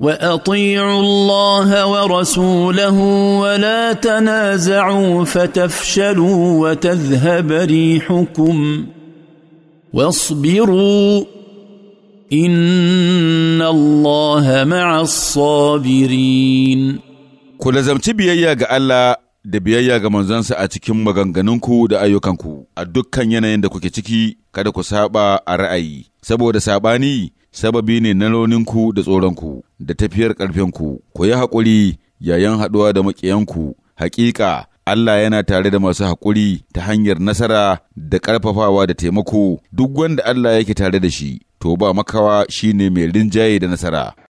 واطيعوا الله ورسوله ولا تنازعوا فتفشلوا وتذهب ريحكم واصبروا ان الله مع الصابرين ku lazamci biyayya ga Allah da biyayya ga manzansa a cikin maganganunku da ayyukanku a dukkan yanayin da kuke ciki kada ku saba a ra'ayi saboda saɓani sababi ne na launinku da tsoronku da tafiyar ƙarfinku, ku yi haƙuri yayin haɗuwa da maƙiyanku, haƙiƙa Allah yana tare da masu haƙuri ta hanyar nasara da ƙarfafawa da taimako, duk wanda Allah yake tare da shi, to ba makawa shine mai rinjaye da nasara.